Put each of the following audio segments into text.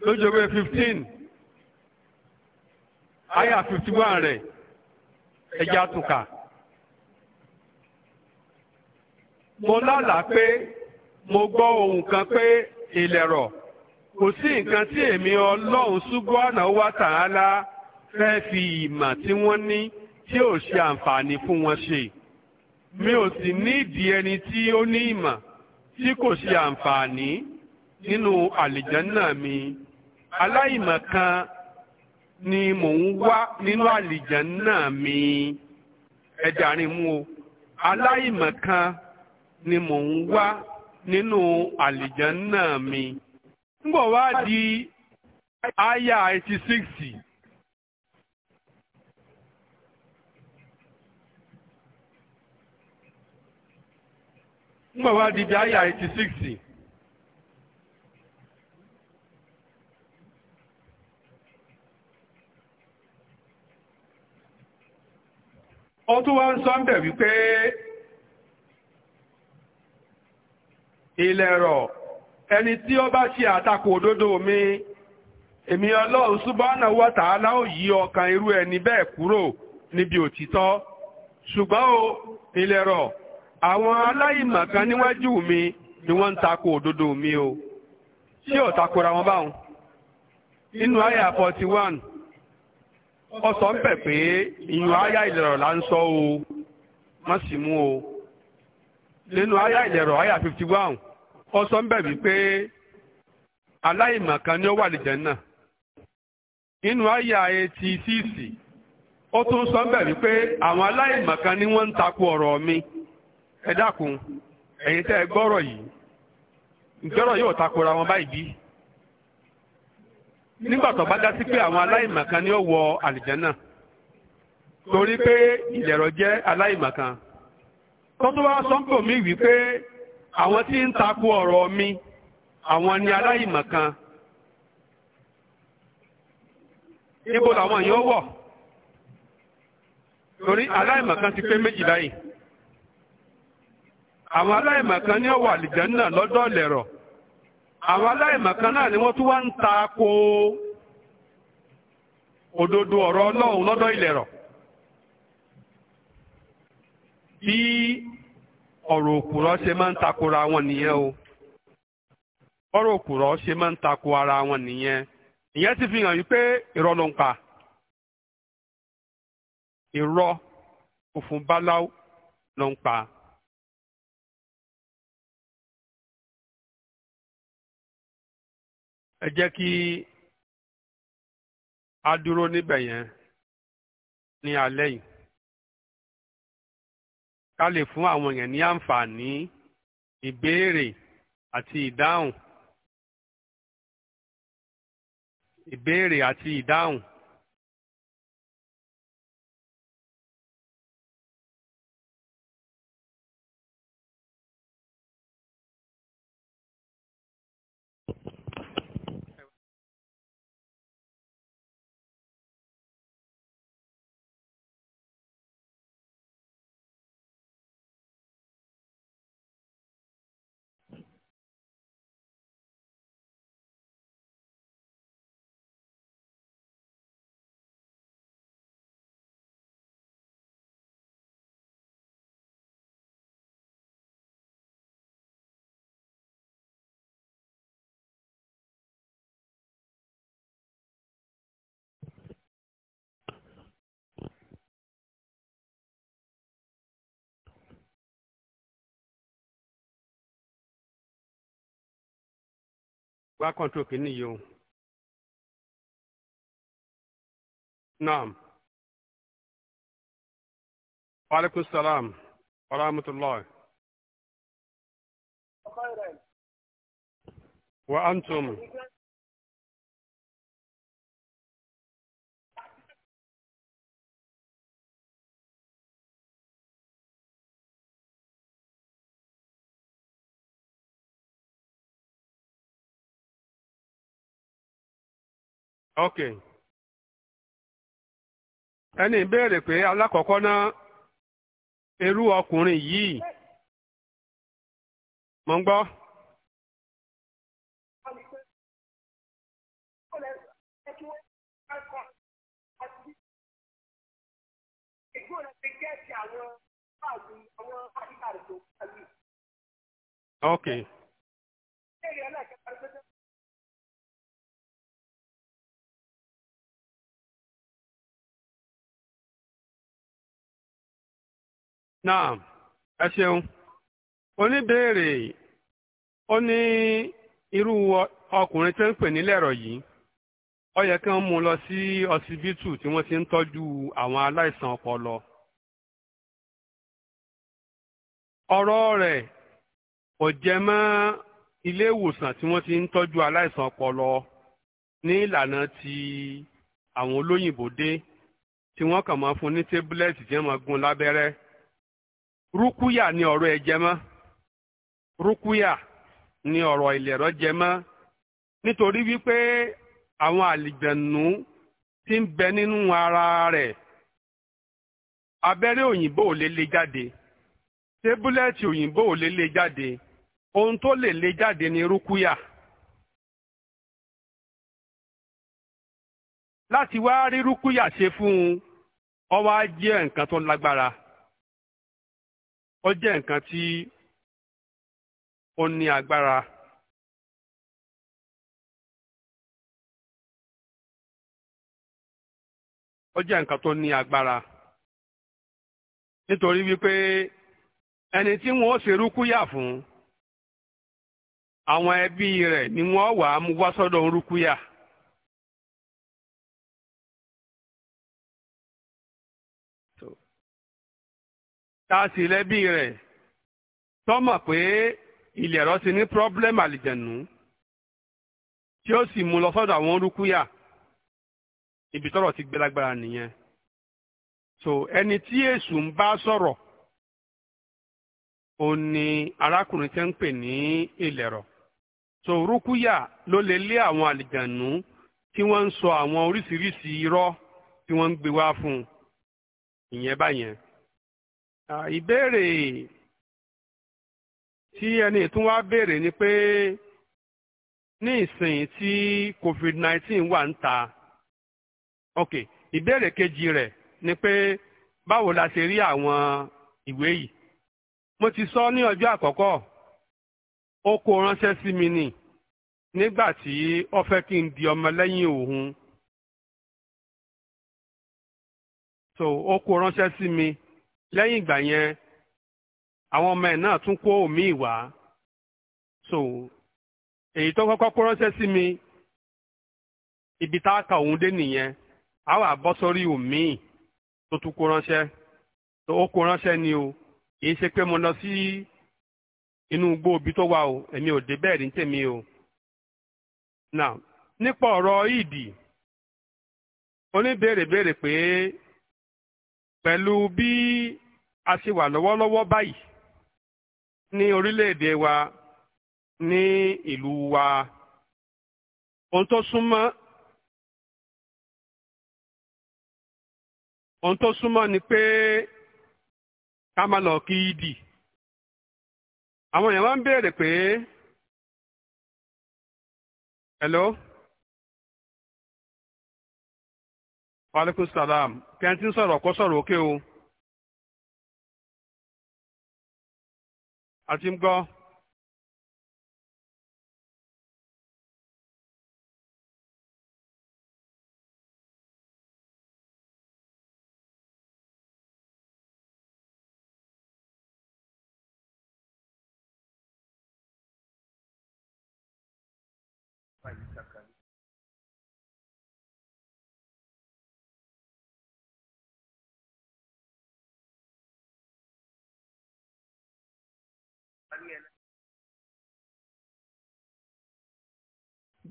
lójú ewé fifteen aya fifty one rẹ̀ ẹja àtúnkà. mo lálàá pé mo gbọ́ ohun kan pé ilẹ̀ rọ̀ kò sí nǹkan tí èmi ọlọ́run ṣùgbọ́nà wà tààlà fẹ́ fi ìmọ̀ tí wọ́n ní tí ò ṣe àǹfààní fún wọn ṣe mi ò sì ní ìdí ẹni tí ó ní ìmọ̀ tí kò ṣe àǹfààní nínú àlìjẹ́nnà mi. aláìmọ̀kan ni mò ń wá nínú náà mi ẹ̀dà rìn mú o aláìmọ̀kan ni mò ń wá nínú náà mi. ńgbọ̀ wá di aya eighty six. ńgbọ̀ wá di aya eighty six. ó tún wá ń sọ ń bẹ̀ wípé ilẹ̀rọ̀ ẹni tí ó bá ṣe àtakò òdodo mi èmi ọlọ́run subhanahu wa ta'ala ó yí ọkàn irú ẹni bẹ́ẹ̀ kúrò níbi òtítọ́ ṣùgbọ́n o ilẹ̀rọ̀ àwọn kan níwájú mi ni wọ́n ń takò òdodo mi o ṣé ò takora wọn báwọn nínú àyà one. ọ sọ ń bẹ̀ pé ìyún aya ìlẹ̀rọ̀ la ń sọ o má sì mú o nínú aya ìlẹ̀rọ̀ aya fifty one ọ sọ ń bẹ̀ wípé aláìmọ̀kan ni ó wà lìjẹ́ náà nínú aya eighty six ó tún sọ ń bẹ̀ wípé àwọn aláìmọ̀kan ni wọ́n ń takò ọ̀rọ̀ mi ẹ dákun ẹ̀yin tẹ́ ẹ gbọ́rọ̀ yìí ìjọ́rọ̀ yóò takora wọn báyìí bí. nígbà tó bá dá sí pé àwọn aláìmọ̀kan ni ó wọ àlìjánà torí pé ìlẹ̀rọ̀ jẹ́ aláìmọ̀kan tọ́tún wá mi wípé àwọn tí ń ọ̀rọ̀ mi àwọn ni aláìmọ̀kan níbo làwọn wọ̀ torí aláìmọ̀kan ti pé méjì báyìí àwọn aláìmọ̀kan ni ó wọ àlìjánà lọ́dọ̀ àwọn aláìmọ̀kan náà ni wọ́n tún wá ń ta ko òdodo ọ̀rọ̀ ọlọ́run lọ́dọ̀ ìlẹ̀rọ̀ bí ọ̀rọ̀ òkùrọ̀ ṣe máa ń takora wọn nìyẹn o ọ̀rọ̀ òkùrọ̀ ṣe máa ń tako ara wọn nìyẹn ti fi hàn yí pé irọ́ ló ń pa òfun báláú ẹ jẹ́ kí a dúró níbẹ̀ yẹn ní alẹ́ yìí ká lè fún àwọn èèyàn ní àǹfààní ìbéèrè àti ìdáhùn ìbéèrè àti ìdáhùn. wá kọ́ńtró kìíní yìí o. naam waaleykum salaam wa rahmatullahi. wa antum. ok ẹni ìbéèrè pé alákọ̀ọ́kọ́ ná, irú ọkùnrin yìí mọ̀ ń gbọ́. ok. náà ẹ ṣeun oníbèrè ó ní irú ọkùnrin tó ń pè ní lẹ́rọ̀ yìí ó yẹ kí wọ́n mú un lọ sí ọsibítù tí wọ́n ti ń tọ́jú àwọn aláìsàn ọpọlọ. ọ̀rọ̀ rẹ̀ kò jẹ mọ́ ilé ìwòsàn tí wọ́n ti ń tọ́jú aláìsàn ọpọlọ ní ìlànà ti àwọn olóyìnbó dé tí wọ́n kàn máa fún ní tébúlẹ́ẹ̀tì tí wọ́n máa gún lábẹ́rẹ́. rúkúyà ni ọ̀rọ̀ ẹ jẹ mọ́ ni ọ̀rọ̀ ìlẹ̀rọ jẹ nítorí wípé àwọn àlìjẹ̀nù ti bẹ nínú ara rẹ̀ abẹ́rẹ́ òyìnbó ò lè lé jáde tébúlẹ́ẹ̀tì òyìnbó ò jáde ohun tó lè jáde ni rúkúyà. láti wá rí rúkúyà ṣe fún un wá jẹ́ nǹkan tó lágbára. ó jẹ́ nǹkan tí ó ní agbára. ó jẹ́ nǹkan tó ní agbára nítorí wípé ẹni tí wọ́n ó ṣe fún àwọn ẹbí rẹ̀ ni wọ́n wà á mú wá sọ́dọ̀ rúkúyà. ta sì lẹ́bí rẹ̀ tọ́mọ̀ pé ilẹ̀ ẹ̀rọ ti ní pírọ́blẹ́mù àlìjẹ̀nù tí ó sì mú lọ sọ́dọ̀ àwọn orúkúyà ibi tọ́rọ̀ ti gbélágbára nìyẹn so ẹni tí èṣù ń bá sọ̀rọ̀ ó ní arákùnrin tẹ́ ń pè ní ìlẹ̀rọ̀ so orúkúyà ló lè lé àwọn àlìjẹ̀nù tí wọ́n ń sọ àwọn oríṣiríṣi irọ́ tí wọ́n ń gbé wá fún un ìyẹn báyẹn ìbéèrè tí ẹni ìtún wá béèrè ni pé ní ìsìn tí COVID-19 wà ń ta ok ìbéèrè kejì rẹ̀ ni pé báwo la ṣe rí àwọn ìwé yìí mo ti sọ ní ọjọ́ àkọ́kọ́ ó kó ránṣẹ́ sí mi nì nígbà tí ó fẹ́ kí n di ọmọ òun so ó kó ránṣẹ́ sí mi. lẹ́yìn ìgbà yẹn àwọn ọmọ ẹ̀ náà tún kó omi wá so èyí tó kọ́kọ́ kó ránṣẹ́ sí mi ibi tá a òun dé nìyẹn a wà bọ́ sórí òmíì tó tún kó ránṣẹ́ tó ó kó ni o kì í ṣe pé mo lọ sí inú tó wà o èmi ò dé bẹ́ẹ̀ ní tèmi o now nípa ọ̀rọ̀ ìdì oníbèrè pé pẹ̀lú bí a ṣe wà lọ́wọ́lọ́wọ́ báyìí ní orílẹ̀-èdè wa ní ìlú wa ohun tó súnmọ́ ohun tó súnmọ́ ni pé ká máa lọ kí dì àwọn èèyàn máa ń béèrè pé hello. waaleykum salaam kẹ́ntì ń sọ̀rọ̀ kó sọ̀rọ̀ òkè o àti ń gbọ́.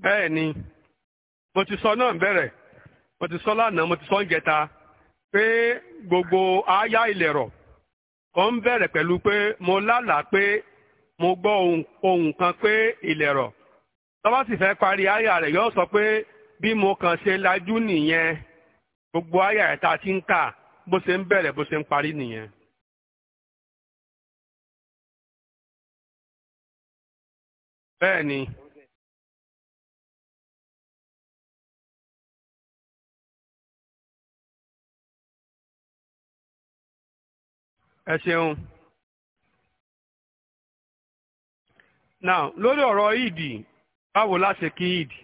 bẹ́ẹ̀ ni mo ti sọ náà bẹ̀rẹ̀ mo ti sọ lánàá mo ti sọ ìjẹta pé gbogbo aya ìlẹ̀rọ̀ ó ń bẹ̀rẹ̀ pẹ̀lú pé mo lálàá pé mo gbọ́ ohun kan pé ìlẹ̀rọ̀ tọ́ba sì fẹ́ parí aya rẹ̀ yóò sọ pé bí mo kàn ṣe lajú nìyẹn gbogbo aya ẹ̀ta ti ń kà bó ṣe ń bẹ̀rẹ̀ bó ṣe ń parí nìyẹn. bẹ́ẹ̀ ni ẹ ṣeun. now lórí ọ̀rọ̀ ìdì báwo la ṣe kí ìdì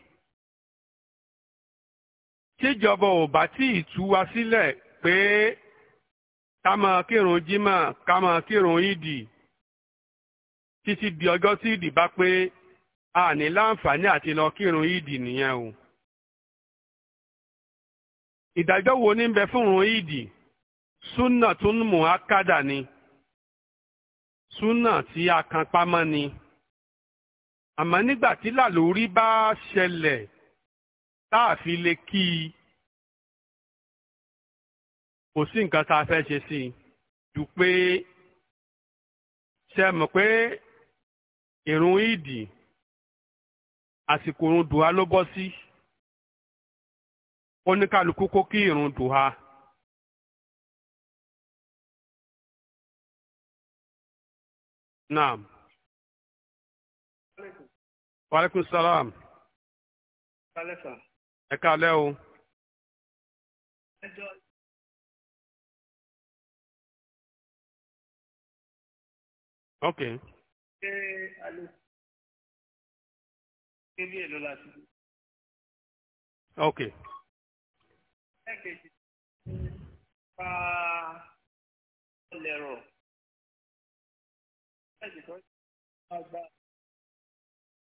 tíjọba ò bá tí ì tú wa sílẹ̀ pé ká máa kírun jímọ̀ ká máa kírun ìdì títí di ọjọ́ tí ìdì bá pé a ní láǹfààní àti lọ kírun ìdì nìyẹn o. ìdájọ́ wo ní bẹ fún òun ìdì súnà tún mú akádà ni súnà tí a kan pamọ́ ni àmọ́ nígbà tí làlórí bá ṣẹlẹ̀ tá a fi lè kí i kò sí nǹkan tá a fẹ́ ṣe sí i ju pé ṣe mọ̀ pé ìrun ìdì àsìkò irun dùhà ló bọ́ sí oníkàlùkù kó kí irun dùhà. naam waaleykum salaam. ẹ káalẹ́ o. ok. ṣé a lè kébí èlò láti. ok. é que ọlẹ́rọ ẹ̀jẹ̀ kan máa gba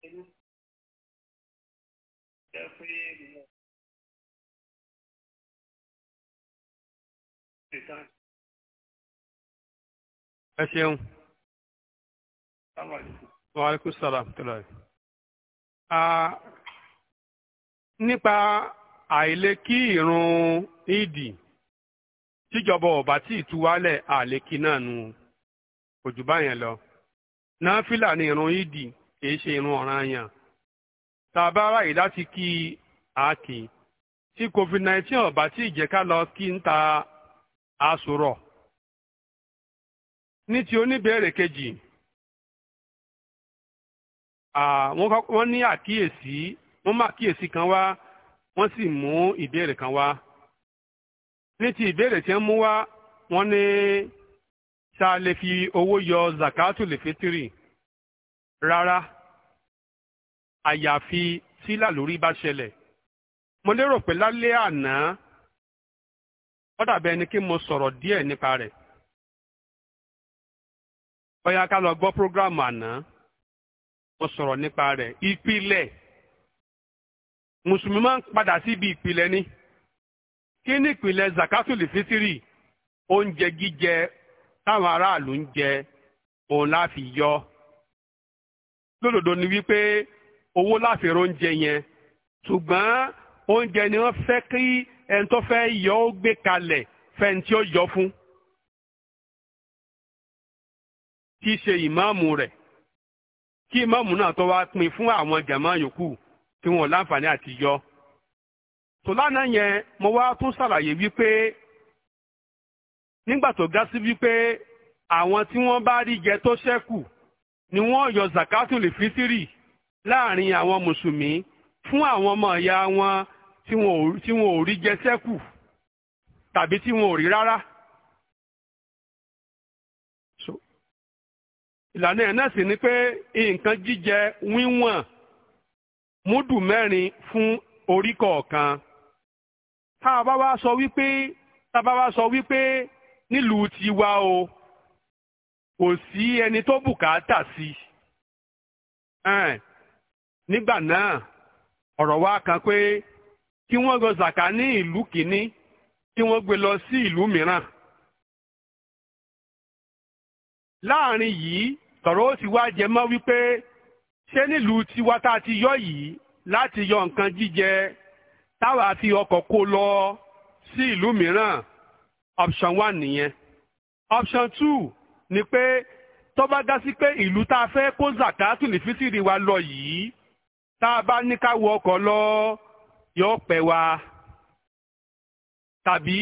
ẹ̀rú ẹ̀ pé nípa àìlè kí ìrun ìdì tíjọba ọba tí ìtúwálẹ̀ àlékí náà nu òjò báyẹn lọ náfìlà ni ìrun ìdì kìí ṣe ìrun ọ̀ranyàn tá a bá ráyè láti kí àákì tí covid 19 ọba tí ìjẹ́ká lọ kí ń ta aṣọ rọ̀ ní ti oníbẹ̀rẹ̀ kejì wọ́n ní àkíyèsí wọ́n má àkíyèsí kan wá wọ́n sì mú ìbéèrè kan wá ní ti ìbéèrè tí wọ́n mú wá wọ́n ní ṣá lè fi owó yọ zakatu lè fitiri rárá àyàfi sílà lórí bá ṣẹlẹ̀ mo lérò pé lálẹ́ àná ó dàbẹ̀ kí mo sọ̀rọ̀ díẹ̀ nípa rẹ̀ bóyá ká lọ gbọ́ prógráàmù àná mo sọ̀rọ̀ nípa rẹ̀ ìpìlẹ̀ mùsùlùmí máa ń padà síbi ìpìlẹ̀ ni kí ni ìpìlẹ̀ zakatuli fitiri oúnjẹ jíjẹ táwọn aráàlú ń jẹ òun láfi yọ lódodo ni wípé owó láfi róúnjẹ yẹn ṣùgbọ́n oúnjẹ ni wọ́n fẹ́ kí ẹni tó fẹ́ yọ ó gbé kalẹ̀ fẹ́ni tí ó yọ fún tí ṣe ìmáàmù rẹ̀ kí ìmáàmù náà tó wá pín fún àwọn jàmá yòókù tí wọn láǹfààní àti yọ. tó lánàá yẹn mo wá tún ṣàlàyé wípé nígbà tó ga sí wípé àwọn tí wọ́n bá rí jẹ tó ṣẹ́kù ni wọ́n yọ zakatul fitiri láàrin àwọn mùsùlùmí fún àwọn ọmọ ìyá wọn tí wọn ò rí jẹ ṣẹ́kù tàbí tí wọn ò rí rárá. ìlànà ẹ̀ náà sì ni pé nǹkan jíjẹ wíwọ̀n múdù mẹ́rin fún orí kọ̀ọ̀kan tá a bá wá sọ wípé tá a bá wá sọ wípé nílùú tiwa o kò sí ẹni tó bùkátà sí i nígbà náà ọ̀rọ̀ wa kan pé kí wọ́n gbọ́ zàkà ní ìlú kìíní kí wọ́n gbé lọ sí ìlú mìíràn. láàrin yìí tọ̀rọ̀ ó sì wá jẹ mọ́ wípé ṣé nílùú tiwa tá a ti yọ yìí láti yọ nǹkan jíjẹ táwa fi ọkọ̀ kó lọ sí ìlú mìíràn option one nìyẹn option two ni pé tó bá dá sí pé ìlú tá a fẹ́ kó zakatu ní fítìrì wa lọ yìí tá a bá ní ká wọ ọkọ̀ lọ yọ pẹ́ wa tàbí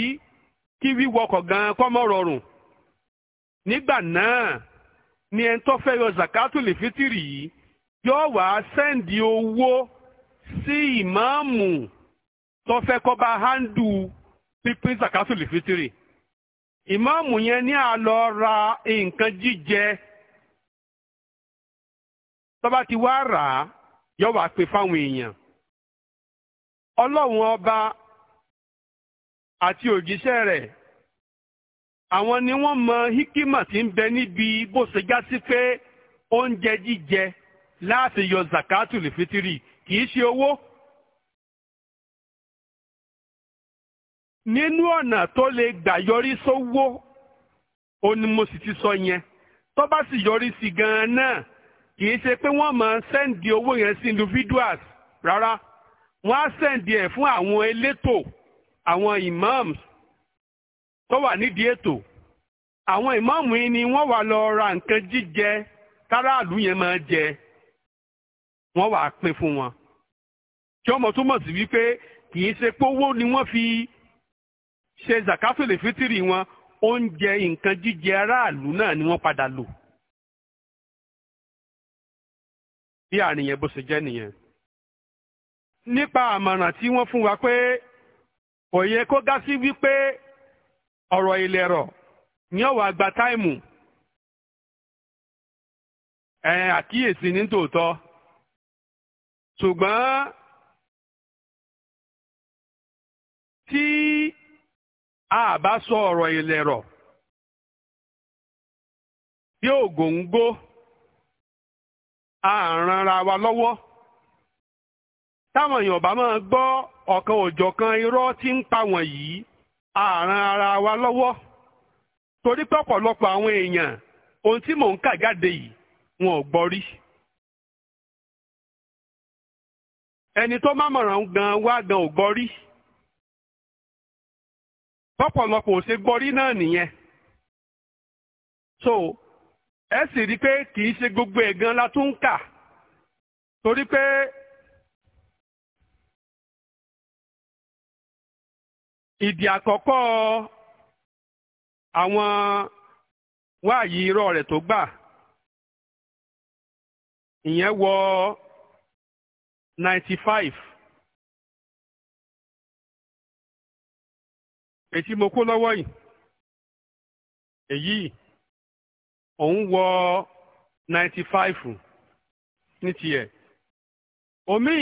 kí wíwọkọ̀ gan kọ́mọ́ rọrùn nígbà náà ni ẹni tó fẹ́ yọ zakato lè fitiri yìí yóò wá sẹ́ǹdì owó sí ìmáàmù tó fẹ́ handu pínpín zakato lè fitiri ìmáàmù yẹn ní alọ ra nǹkan jíjẹ tó ti wá rà á yóò pè fáwọn èèyàn ọlọ́run ọba àti òjíṣẹ́ rẹ̀ àwọn ni wọ́n mọ hikima tí ń bẹ níbi bó ṣe já sí pé oúnjẹ jíjẹ láti yọ zakatu lè fitiri kì í ṣe owó. nínú ọ̀nà tó lè gbà yọrí sówó ó ní mo sì ti sọ yẹn tó bá sì yọrí sí gan-an náà kì ṣe pé wọ́n máa sẹ́ǹdì owó yẹn sí individuals rárá wọ́n á sẹ́ǹdì ẹ̀ fún àwọn elétò àwọn imams tó wà nídìí ètò àwọn ìmáàmù yìí ni wọ́n wà lọ ra nǹkan jíjẹ táráàlú yẹn máa jẹ wọ́n wà pín fún wọn tí ọmọ túmọ̀ sí wípé kì í ṣe pé owó ni wọ́n fi ṣe zakafele fitiri wọn oúnjẹ nǹkan jíjẹ aráàlú náà ni wọ́n padà lò. bí àárín yẹn bó ṣe jẹ́ nìyẹn. nípa àmọ̀ràn tí wọ́n fún wa pé kò yẹ kó gá sí wípé ọ̀rọ̀ ìlẹ̀rọ̀ ní ọ̀wọ̀ àgbà táìmù ẹ̀ àkíyèsí ní tòótọ́ ṣùgbọ́n tí a bá sọ ọ̀rọ̀ ìlẹ̀rọ̀ tí ògòǹgó a ranra wa lọ́wọ́ táwọn èèyàn bá máa gbọ́ ọ̀kan kan irọ́ tí ń pa wọ̀nyí àràn ara wa lọ́wọ́ torí pé ọ̀pọ̀lọpọ̀ àwọn èèyàn ohun tí mò ń kà jáde yìí wọn ò gbọ́ rí. ẹni tó má mọ̀ràn gan wá gan ò gbọ́ rí. ọ̀pọ̀lọpọ̀ ò ṣe gbọ́ rí náà nìyẹn. so ẹ sì rí i pé kì í ṣe gbogbo ẹ̀ la tún ń kà torí pé ìdí àkọ́kọ́ àwọn wáàyí irọ́ rẹ̀ tó gbà ìyẹn wọ ninety five èyí mo kó lọ́wọ́ yìí èyí òun wọ ninety five ní tiẹ̀ omi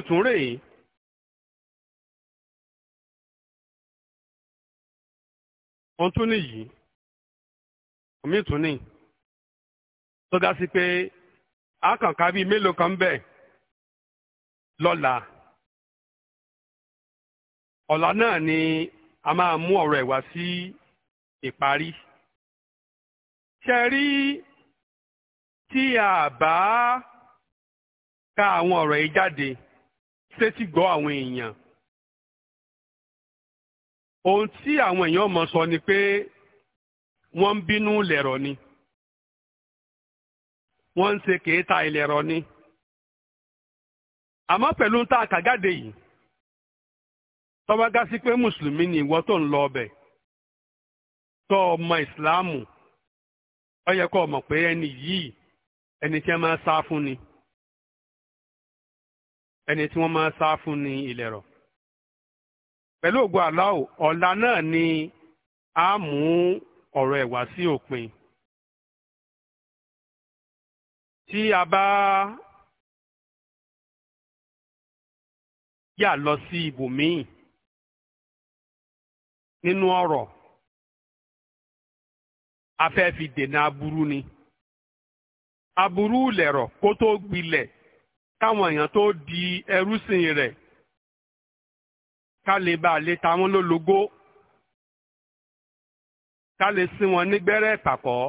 ìtún òun tún nìyí omi tún ní tó ga sí pé àkànká bíi mélòó kan bẹ́ẹ̀ lọ́la ọ̀la náà ni a máa mú ọ̀rọ̀ ẹ̀ wá sí ìparí ṣe rí tí a bá ka àwọn ọ̀rọ̀ yìí jáde ṣé ti gbọ́ àwọn èèyàn ohun tí àwọn èèyàn mọ̀ sọ ni pé wọ́n ń bínú lẹ̀rọ ni wọ́n ń ṣe kèéta ìlẹ̀rọ ni àmọ́ pẹ̀lú ń ta àkàgáde yìí tọ́wágá sí pé mùsùlùmí ni ìwọ tó ń lọ ọbẹ̀ tọ́ ọmọ ìsìláàmù ó yẹ kó mọ̀ pé ẹni yìí ẹni tí wọ́n máa sá fún ni ẹni tí wọ́n máa sá fún ni ìlẹ̀rọ̀. pẹ̀lú ògo aláwò ọ̀la náà ni a mú ọ̀rọ̀ ẹ̀ si sí òpin. tí a bá yà lọ sí ibòmíì nínú ọ̀rọ̀ a fẹ́ fi dènà aburú ni aburú lẹ̀rọ̀ kó tó gbilẹ̀ káwọn èèyàn tó di ẹrúsìn rẹ̀. ká lè bá lè ta wọ́n lólogó ká lè sí wọn nígbẹ́rẹ́ ìpàkọ́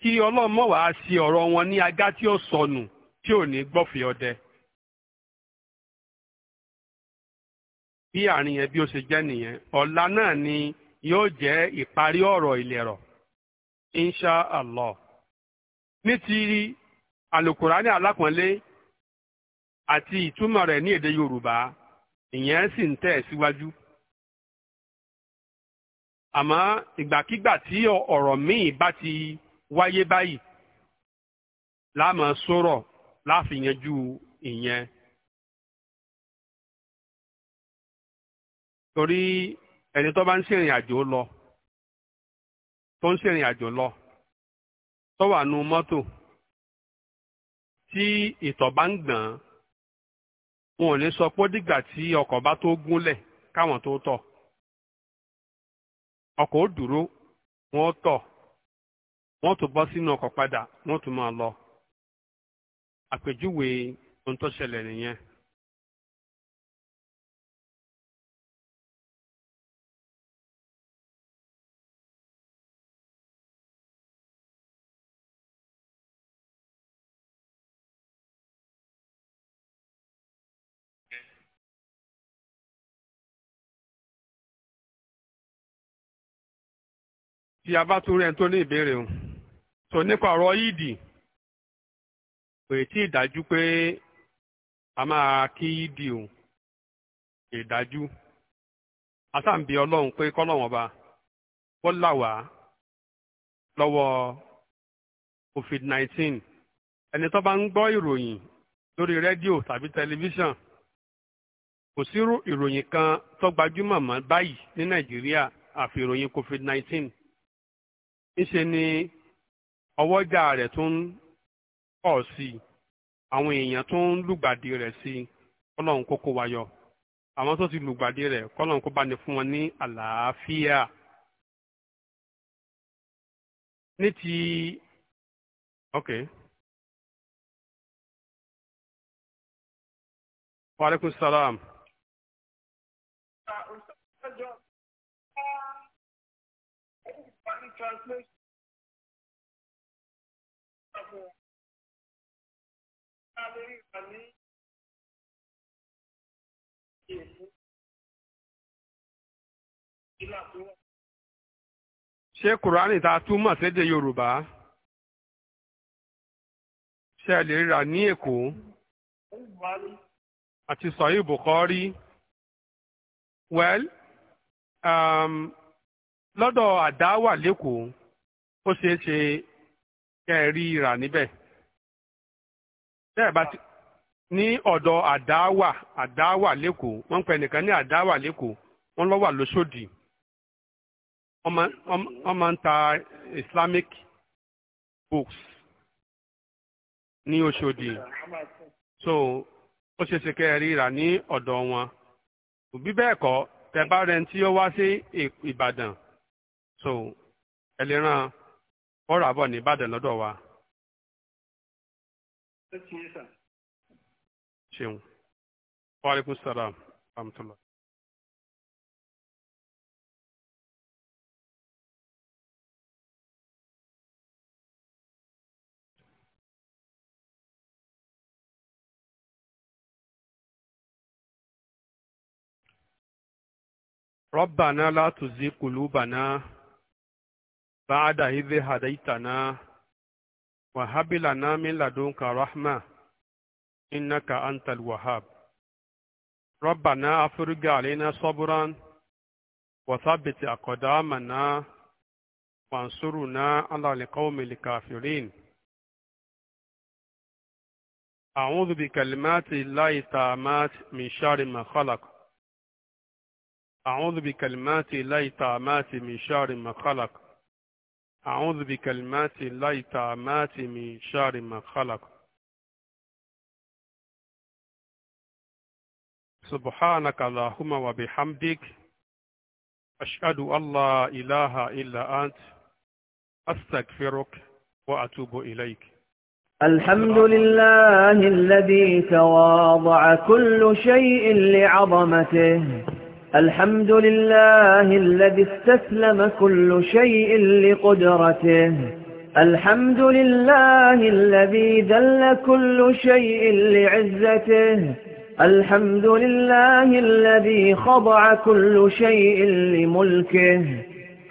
kí ọlọ́mọ wàá ṣe ọ̀rọ̀ wọn ní agá tí ó sọnù tí ò ní gbọ́fẹ̀ ọdẹ. bí àárín yẹn bí ó ṣe jẹ́ nìyẹn ọ̀la náà ni yóò jẹ́ ìparí ọ̀rọ̀ ìlẹ̀rọ̀ insha allah ní ti alukurani alápọ̀nlé àti ìtumọ̀ rẹ̀ ní èdè Yorùbá ìyẹn sì ń tẹ̀ síwájú. àmọ́ ìgbàkigbà tí ọ̀rọ̀ míì bá ti wáyé báyìí láàmú sọ̀rọ̀ láfìyanjú ìyẹn. torí ẹni tó bá ń ṣèrìn àjò lọ tó ń ṣèrìn àjò lọ tó wà nù mọ́tò tí ìtọ̀ bá ń gbọ̀n wọn ò ní sọ pé dìgbà tí ọkọ̀ bá tó gúnlẹ̀ káwọn tó tọ̀ ọkọ̀ ó dúró wọ́n tọ̀ wọn tún bọ́ sínú ọkọ̀ padà wọ́n tún máa lọ àpèjúwe ohun tó ṣẹlẹ̀ nìyẹn. tí a bá tún rẹ̀ tó ní ìbéèrè o sọ nípa ọ̀rọ̀ yídì kò tí ì dájú pé a máa kí yídì o kò asáǹbí ọlọ́run pé kọ́lọ́wọ́n ọba wọ́n là wá lọ́wọ́ covid nineteen ẹni tó bá ń gbọ́ ìròyìn lórí rédíò tàbí tẹlifíṣàn kò sí ìròyìn kan tó gbajúmọ̀ mọ́ báyìí ní nàìjíríà àfi ìròyìn covid nineteen ńṣe ni ọwọ́jà rẹ̀ tó ń pọ̀ sí i àwọn èèyàn tó ń lùgbàdì rẹ̀ sí i kọ́lọ́hún kókó wa àwọn tó ti lùgbàdì rẹ̀ kọ́lọ́hún kó bá ní fún wọn ní àlàáfíà. ní ti okay. Wa alaikum salaam. translation. Amẹ́ríkà ní èkó ìlà tó wà. Ṣé Kùránì ta túmọ̀ sédè Yorùbá? Ṣé ẹ lè rà ní Èkó? Àti Sọ̀yìn Bùkọ́rí. Well, um, lọ́dọ̀ àdáwà lẹ́kọ̀ọ́ ó ṣeé ṣe kẹ́ ẹ rí rà níbẹ̀ bẹ́ẹ̀ bá ti ní ọ̀dọ̀ àdáwà àdáwà lẹ́kọ̀ọ́ wọ́n ń pẹ́ nìkan ní àdáwà lẹ́kọ̀ọ́ wọ́n lọ́wà lóṣòdì wọ́n máa ń ta Islamic books ní Òṣòdì so ó ṣeé ṣe kẹ́ ẹ rí rà ní ọ̀dọ̀ wọn bí bẹ́ẹ̀ kọ́ tẹ́ bá rẹ̀ ń tí ó wá sí Ìbàdàn so ẹ lè ràn ọ̀rọ̀ àbọ̀ ní Ìbàdàn lọ́dọ̀ wa. ṣeun wa aleykum salaam wa ربنا لا تزغ قلوبنا بعد إذ هديتنا وهب لنا من لدنك رحمة إنك أنت الوهاب ربنا أفرج علينا صبرا وثبت أقدامنا وانصرنا على القوم الكافرين أعوذ بكلمات الله التامات من شر ما خلق أعوذ بكلمات الله التامات من شر ما خلق أعوذ بكلمات الله تعمات من شر ما خلق سبحانك اللهم وبحمدك أشهد أن لا إله إلا أنت أستغفرك وأتوب إليك الحمد لله الذي تواضع كل شيء لعظمته الحمد لله الذي استسلم كل شيء لقدرته الحمد لله الذي ذل كل شيء لعزته الحمد لله الذي خضع كل شيء لملكه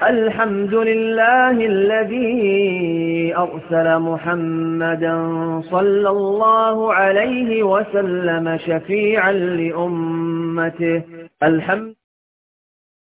الحمد لله الذي أرسل محمدا صلى الله عليه وسلم شفيعا لأمته الحمد